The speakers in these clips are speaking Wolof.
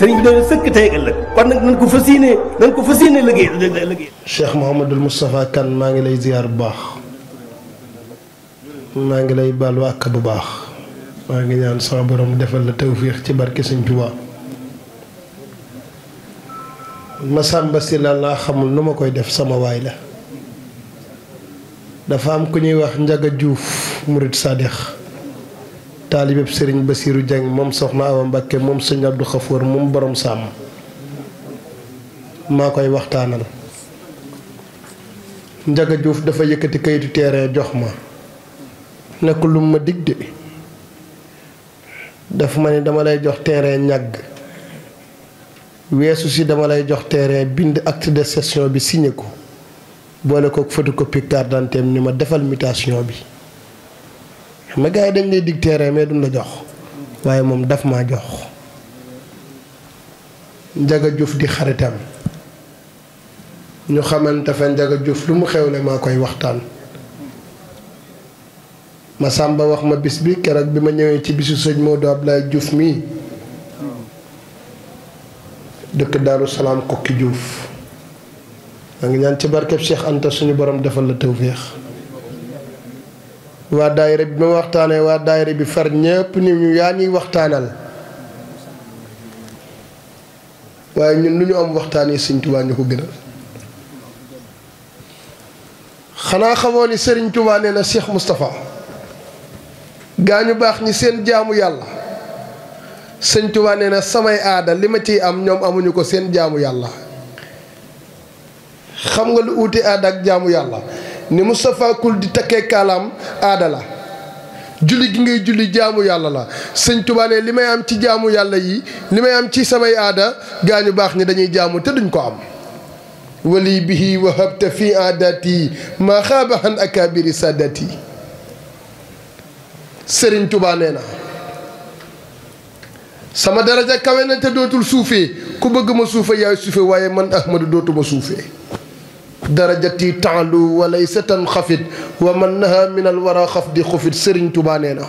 sëriñ bi sëkk tey ëllëg kon nag nañ ko fas yéene nañ ko fas yéene liggéey liggéey. Cheikh Mouhamadul Moustapha maa ngi lay ziar bu baax maa ngi lay baalu àkk bu baax maa ngi ñaan sama borom defal la tawféex ci barke Sëñ Tuubaa. Masamba si la laa xamul nu ma koy def sama waay la dafa am ku ñuy wax Njaga Juuf murit Sadix. taalibeb sëriñ siiru Jeng moom soxna Awa Mbàkke moom sëñ Abdu Xafoor moom borom sàmm maa koy waxtaanal Njaga Juuf dafa yëkkati kayitu terrain jox ma nekk lu ma dig de dafa ma ne dama lay jox terrain ñàgg weesu si dama lay jox terrain bind acte de cession bi signé ko boole ko photocopie carte ni ma defal mutation bi xam nga gars yi dañ lay dig terrain mais duñ la jox waaye moom dafa maa jox Njaga Juuf di xaritam ñu xamante fa Njaga Juuf lu mu xew xewle maa koy waxtaan ma sàmba wax ma bis bi keroog bi ma ñëwee ci bisu sëñ Modou Abdoulaye juuf mii dëkk Daaru Salaam kokki juuf maa ngi ñaan ci barkeb Cheikh Anta suñu borom defal la tawféex waa daayira bi ma waxtaanee waa daayira bi far ñépp ni ñu yaa ñuy waxtaanal waaye ñun lu ñu am waxtaanee sëñ tubaa ñu ko gënal xanaa xamoo ni sëriñ tubaa na Cheikh Moustapha gaa ñu baax ñi seen jaamu yàlla sëñ tubaa na samay aada li ma ciy am ñoom amuñu ko seen jaamu yàlla xam nga lu uute aada ak jaamu yàlla ni Moustapha Kul di takkee kaalaam aada la julli gi ngay julli jaamu yàlla la sëñ Tuubaa li may am ci jaamu yàlla yi li may am ci samay aada gaa ñu baax ni dañuy jaamu te duñ ko am wali bihi wahabta fi aadati maa xaabahan akabiri sadati sëriñ Tuubaa na sama daraja kawe te dootul suufee ku bëgg ma suufe yaay suufe waaye man Ahmadu dootuma suufee darajati taalu walay setan xafit wa man naha minal wara xaf di xufit sëriñ tubaa nee na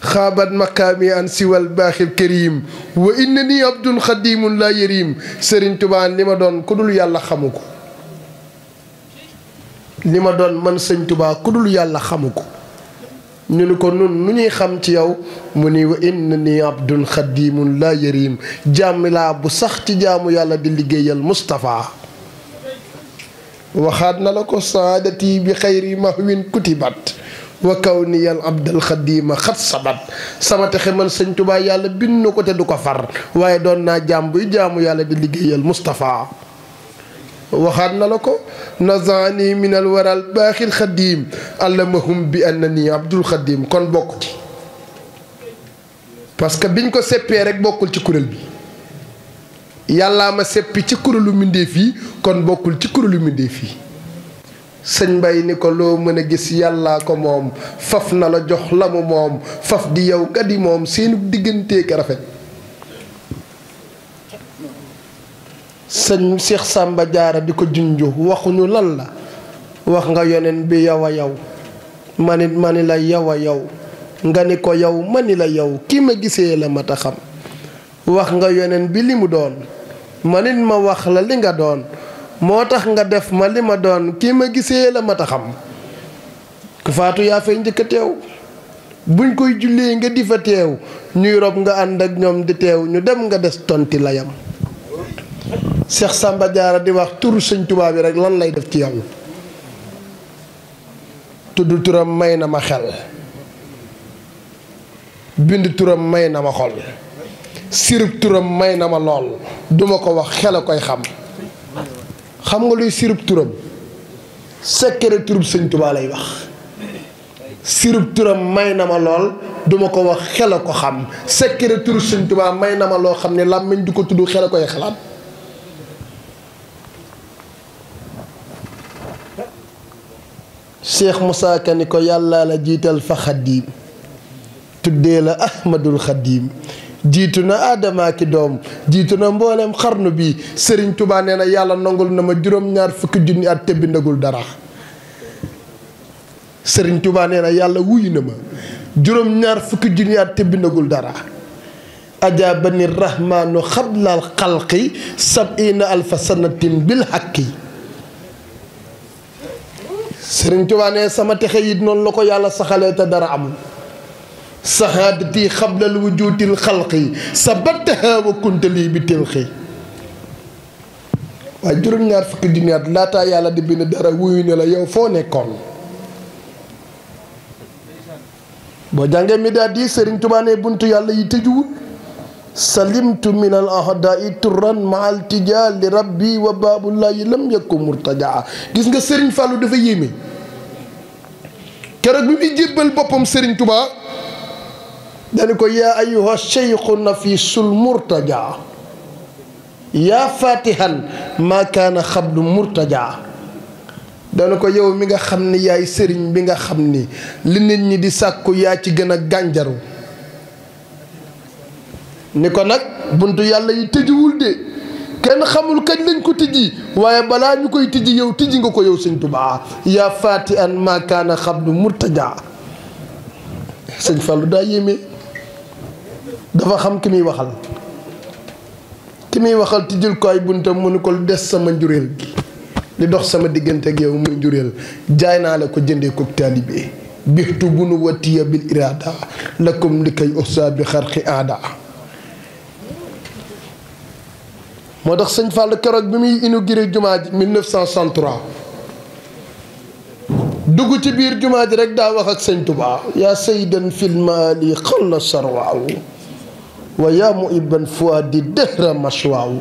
xaabat makaami an siwal baaxil karim wa inna ni abdun xadimun la yërim sëriñ tubaa li ma doon ku dul yàlla xamu ko li ma doon man sëñ tubaa ku dul yàlla xamu ko ñu ni ko nun nu ñuy xam ci yow mu ni wa inna ni abdun xadimun laa yërim jàmmi laa bu sax ci jaamu yàlla di liggéeyal Moustapha waxaat na la ko saadati bi xayri mahwin kutibat wa kaw ni yal abdal xadima xat sabat sama texe man sëñ Tuubaa yàlla bind ko te du ko far waaye doon naa jaam buy jaamu yàlla di liggéeyal Moustapha waxaat na la ko nazaani min minal waral baaxil xadiim allamahum bi annani abdul xadiim kon bokk ci parce que biñ ko seppee rek bokkul ci kuréel bi yàllaa ma seppi ci kuréelu mbindéef yi kon bokkul ci kuréelu mbindéef yi sëñ mbay ni ko loo mën a gis yàllaa ko moom faf na la jox la mu moom faf di yow gadi moom seenu digganteek rafet sëñ Cheikh sàmba Diarra di ko junj waxuñu lan la wax nga yoneen bi yow a yow ma ma ni la yow a yow nga ni ko yow ma ni la yow ki ma gisee la mat xam wax nga yoneen bi li mu doon ma ma wax la li nga doon moo tax nga def ma li ma doon ki ma gisee la mat a xam ku faatu yaa fay njëkk teew buñ koy jullee nga di fa teew ñuy rob nga ànd ak ñoom di teew ñu dem nga des tonti layam Cheikh Samba Diarra di wax turu sëñ tubaab bi rek lan lay def ci yow tudd turam may na ma xel bind turam may na ma xol sirub turam may na ma lool duma ko wax xel a koy xam xam nga luy sirub turam sekkere turub sëñ Tuubaa lay wax sirub turam may na ma lool duma ko wax xel a ko xam sekkere turub sëñ Tuubaa may na ma loo xam ne làmmiñ du ko tudd xel a koy xalaat cheikh Moussa Ka ni ko yàllaa la jiital fa xaddiim tuddee la ahmadul xaddiim jiitu na aadamaa doom jiitu na mboolem xarnu bi Serigne Touba nee na yàlla nangul na ma juróom-ñaar fukki junni at dara yàlla wuyu na ma juróom-ñaar fukki junni at dara ajaabani rahmaanu xablal xalqi sab'iina alfa sanatin bil haqqi sëriñ Tuubaa sama texe yit noonu la ko yàlla saxalee te dara amul sahaadati xablal wujuutil xalqi sabataha wa kuntali bi tilxi waaye juróom-ñaar fukki junni at laataa yàlla di bind dara wuyu ne la yow foo nekkoon boo jàngee mi daal di sëriñ Tuubaa ne buntu yàlla yi tëjuwul salimtu min al ahadai turan maal tijaal li rabbi wa baabullahi lam yakku murtajaa gis nga sëriñ fàllu dafa yéeme keroog bi muy jébbal boppam sëriñ tubaa dañu ko yaa ayuha cheikhu nafisul murtajaa yaa fatihan maa kaana xablu murtajaa dañu ko yow mi nga xam ni yaay sëriñ bi nga xam ni li nit ñi di sàkku yaa ci gën a gànjaru ni ko nag bunt yàlla yi tëjiwul de kenn xamul kañ lañ ko tijji waaye balaa ñu koy tijji yow tijji nga ko yow sëñ Tuubaa yaa faati an maa kaana xabdu murtaja sëñ Fallou daa yéeme dafa xam ki muy waxal ki muy waxal tijjul ko ay buntam mu ni ko des sama njureel gi li dox sama diggante ak yow muy njureel jaay naa la ko jëndee ko taalibe bixtu bu nu watiya bil irada lakum li kay ussa bi xarqi aada moo tax sëñ Fall keroog bi muy inauguré jumaa ji 1963 dugg ci biir jumaa ji rek daa wax ak sëñ Touba yaa saydan wa yaa mu ibban foi di dëhra mashwaaw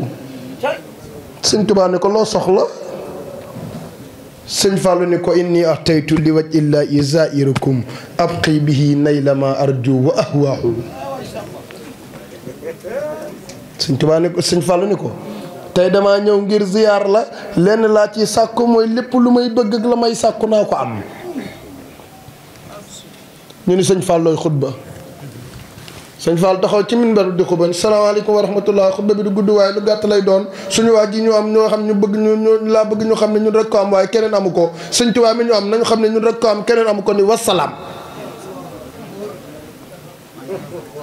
sëñ Touba soxla sëñ Fallu ne ko inni ataytu li waj illaa izairukum abqi bihi nayla ma arju wa ahwaahu tey damaa ñëw ngir ziyaar la lenn laa ci sàkku mooy lépp lu may bëgg ak la may sàkku naa ko am ñu ni sëñ Fall looy xutba sëñ Fall taxaw ci minbar di xutba salaamaaleykum wa rahmatullah xutba bi du gudd waaye lu gàtt lay doon suñu waa ji ñu am ñoo xam ñu bëgg ñu ñu laa bëgg ñu xam ne ñun rek ko am waaye keneen amu ko sëñ Tuubaa mi ñu am nañu xam ne ñun rek ko am keneen amu ko ni wasalaam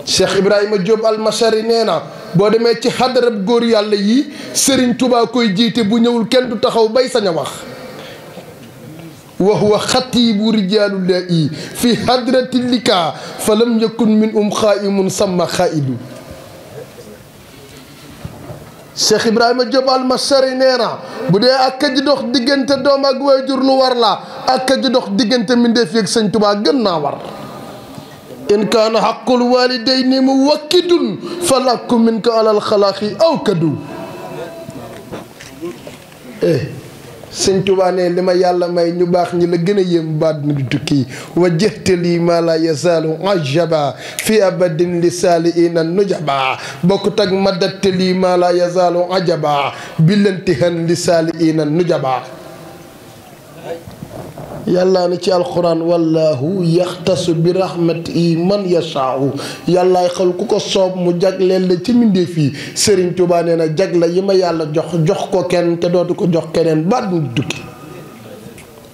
Cheikh Ibrahima Diop almasari nee na boo demee ci xadarab góor yàlla yi Serigne Touba koy jiite bu ñëwul kenn du taxaw bay sañ a wax wa huwa xatiibu rijaalullaahi fi hadrati likaa fa lam yakun min um xaa'imun samma xaa'idu Cheikh Ibrahima Diop almasari nee na bu dee ak ka ji dox diggante doom ak waajur lu war la ak ka ji dox diggante mbindéef yeeg Sëñ Touba gën naa war in kaana xaqul walidayni mu wakkidun falakku min ka alal xalaaqi aw kaddu eh sëñ Tuubaa ne li ma yàlla may ñu baax ñi la gën a yéem baat na di tukki wa jëhtali ma la yasaalu ajaba fi abadin li saaliina nujaba bokkut ak ma dattali ma la yasaalu ajaba billantihan li saaliina nujaba yàllaa ne ci alquran wallahu yaxtasu bi rahmati man yashaahu yàllaay xal ku ko soob mu jagleel la ci mbindéef yi sëriñ Tuubaa na jagla yi ma yàlla jox jox ko kenn te dootu ko jox keneen baat mu dukki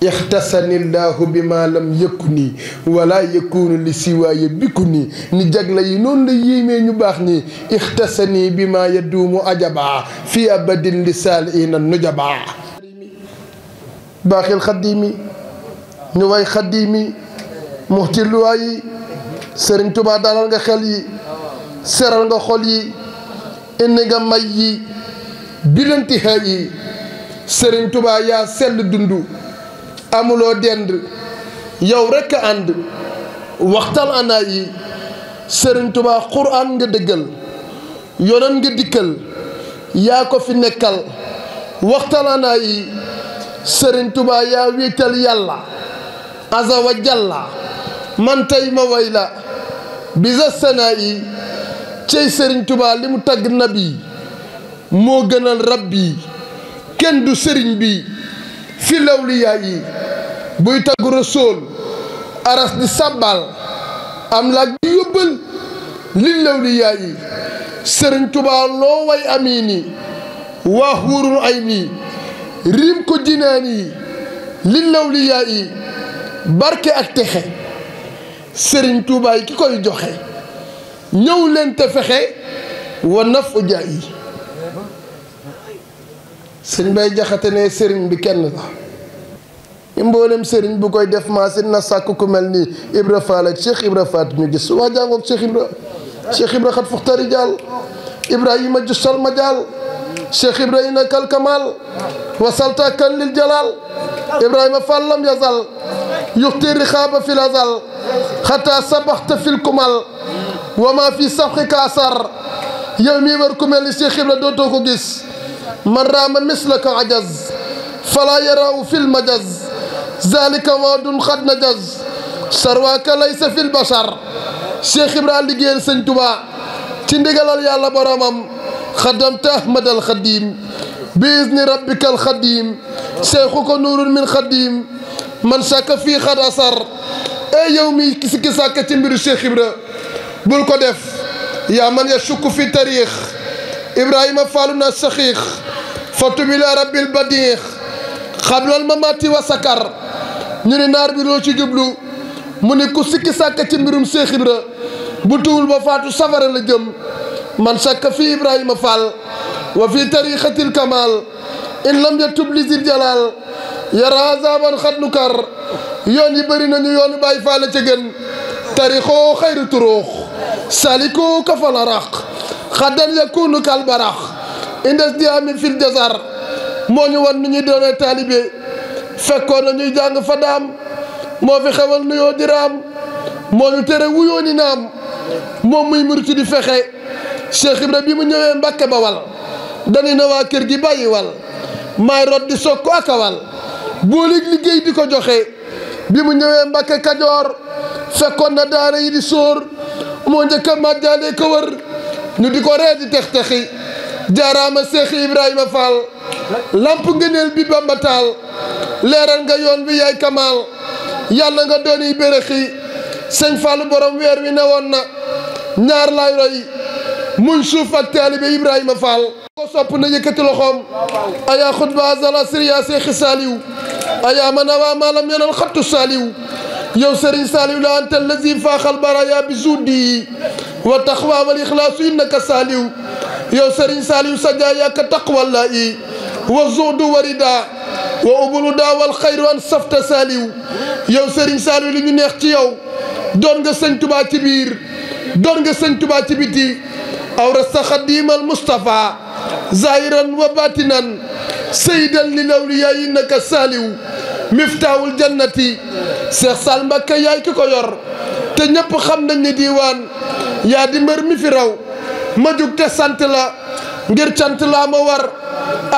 ixtasani llahu bi ma lam yëkku nii wala yëkkuunu li siwaaye bikku nii ni jagla yi noonu la yéemee ñu baax nii ixtasani bi ma yaduumu ajabaa fi abadin li saaliina nujabaa baaxil xaddiimi ñu way xaddiimi muxti luwaa sëriñ tubaa dalal nga xel yi seral nga xol yi indi nga may yi bilanti xel sëriñ tubaa yaa sell dund amuloo dend yow rekk a ànd waxtal ana sëriñ tubaa quraan nga dëggal yonan nga dikkal yaa ko fi nekkal waxtal ana sëriñ tubaa wiital yàlla aza wa jalla man tey ma way la bisa cey sëriñ tubaa li mu tagg nabi moo gënal rabbi kenn du sëriñ bi fi lawliyaa yi buy tagg rasool aras di sàbbaal am laaj bi yóbbal li lawliyaa yi sëriñ tubaa loo way amii ni waa xuurul ay rim ko jinaan yi lil lawliyaa yi barke ak texe sëriñ tuubaay ki koy joxe ñëw leen te fexe wa naf u jaay sëriñ bay jaxate ne sëriñ bi kenn la ñu mboolem sëriñ bu koy def maasin na sàkk ku mel ni Ibra Faal ak Cheikh Ibra Faat ñu gis waa jàngoog Cheikh Ibra Cheikh Ibra xat fuxtari jaal Ibrahima jusal ma jaal Cheikh Ibrahima kalkamal wasalta kan lil jalal ibrahima fall lam yazal yuxti rixaaba fi lazal xata sabaxta fil kumal wa ma fi safxika asar yow mii war ku mel ni si xibla dootoo ko gis man raama mislaka ajaz fala yaraahu fil majaz zalika waadun xad najaz sarwaaka laysa fil bashar Cheikh Ibra liggéeyal sëñ Tuba ci ndigalal yàlla boromam xadamta ahmad al xadim بإذن ربك الخديم شيخك نور من خديم من شاك في خد أثر أي يومي كسكي ساكة تنبير الشيخ إبرا بلكو دف يا من يشك في تاريخ إبراهيم فالنا الشيخ فتم إلى رب البديخ قبل الممات وسكر نري نار بلو شي جبلو mu ne ku sikki sàkk ci mbirum Cheikh Ibra bu tuwul ba faatu safara la jëm man sàkk fii Ibrahima Fall wa fi tariqati lkamal in lam yatub li zil jalal yara azaban xat nukar yoon yi bëri nañu yoonu bàyyi faale ca gën tarixoo xayru turuux saliko kafal xaddan yakunu kal barax indes diami fil jasar moo ñu wan nu ñuy taalibe fekkoon na ñuy jàng fadaam moo fi xewal nuyoo diraam moo ñu tere wuyoo ni naam moom muy murit di fexe Cheikh Ibra bi mu ñëwee Mbàkke Bawal dani na waa kër gi bàyyiwal maay rod di sog ko akawal booleeg liggéey di ko joxe bi mu ñëwee Mbàkke Kajoor fekkoon na daara yi di sóor moo njëkk a màjjaalee ko ñu di ko ree di tex-texi jaaraama Seexi Ibrahima Fall lamp ngëneel bi Bamba leeral nga yoon wi yaay Kamaal yàlla nga doon yi bérexi sëñ Fall borom weer wi newoon na ñaar laay roy Mansouf ak taalibe Ibrahima Fall ko sopp na yëkkati loxoom ayaa xutba azala siriya seexi saaliw ayaa man awaa maalam yanal xattu saaliw yow sëriñ saaliw la anta allazi faaxal baraya bi zuudi wa taqwa wal ixlaasu innaka saaliw yow sëriñ saaliw sajaa yaaka taqwa laayi wa zuudu warida wa ubulu daawal xayru an safta saaliw yow sëriñ saaliw li ñu neex ci yow doon nga sëñ tubaa ci biir doon tubaa ci biti أورث خديم المصطفى ظاهرا وباطنا سيدا للأولياء إنك سالو مفتاح الجنة Cheikh Sall Mbacké yaay ki ko te ñëpp xam nañ ni diiwaan yaa di mbër mi fi raw ma jug te sant la ngir cant laa ma war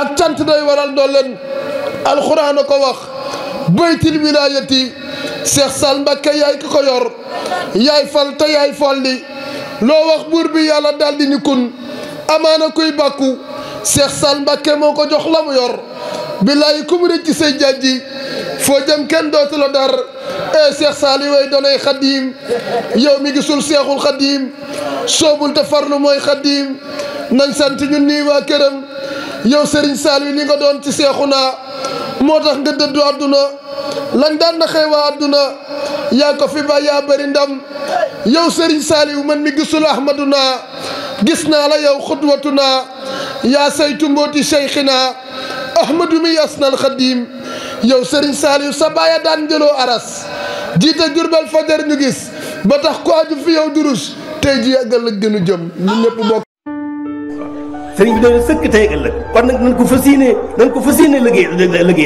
ak cant day waral ndooleen alxuraan a ko wax baytil wilaayati Cheikh Sall Mbacké yaay ki ko yor yaay fal te yaay folli loo wax buur bi yàlla daal di ni kun amaana kuy bàkku Seex Saal Mbàkke moo ko jox la yor billaay ku mu rëcc ci say jàjji foo jëm kenn dootu la dar e Seex Saal yi way doonay xadiim yow mi gisul seexul xadiim soobul te farlu mooy xadiim nañ sant ñun nii waa këram yow Serigne Saal wi ni nga doon ci seexu naa moo tax nga dëddu àdduna lan daan na àdduna yaa ko fi ba yaa bëri ndam yow Serigne Saliou man mi gisul ahmaduna gis naa la yow xudwatuna yaa saytu mbooti cheikhina ahmadu mi asnal xadim yow Serigne Saliou sa baaya daan jëloo aras jiite jurbel fajar ñu gis ba tax ko aju fi yow durus tey ji àggal ak gënu jëm ñun ñëpp bokk sëriñ bi dañu sëkk tey ëllëg kon nag nañ ko fas yéene nañ ko fas yéene liggéey liggéey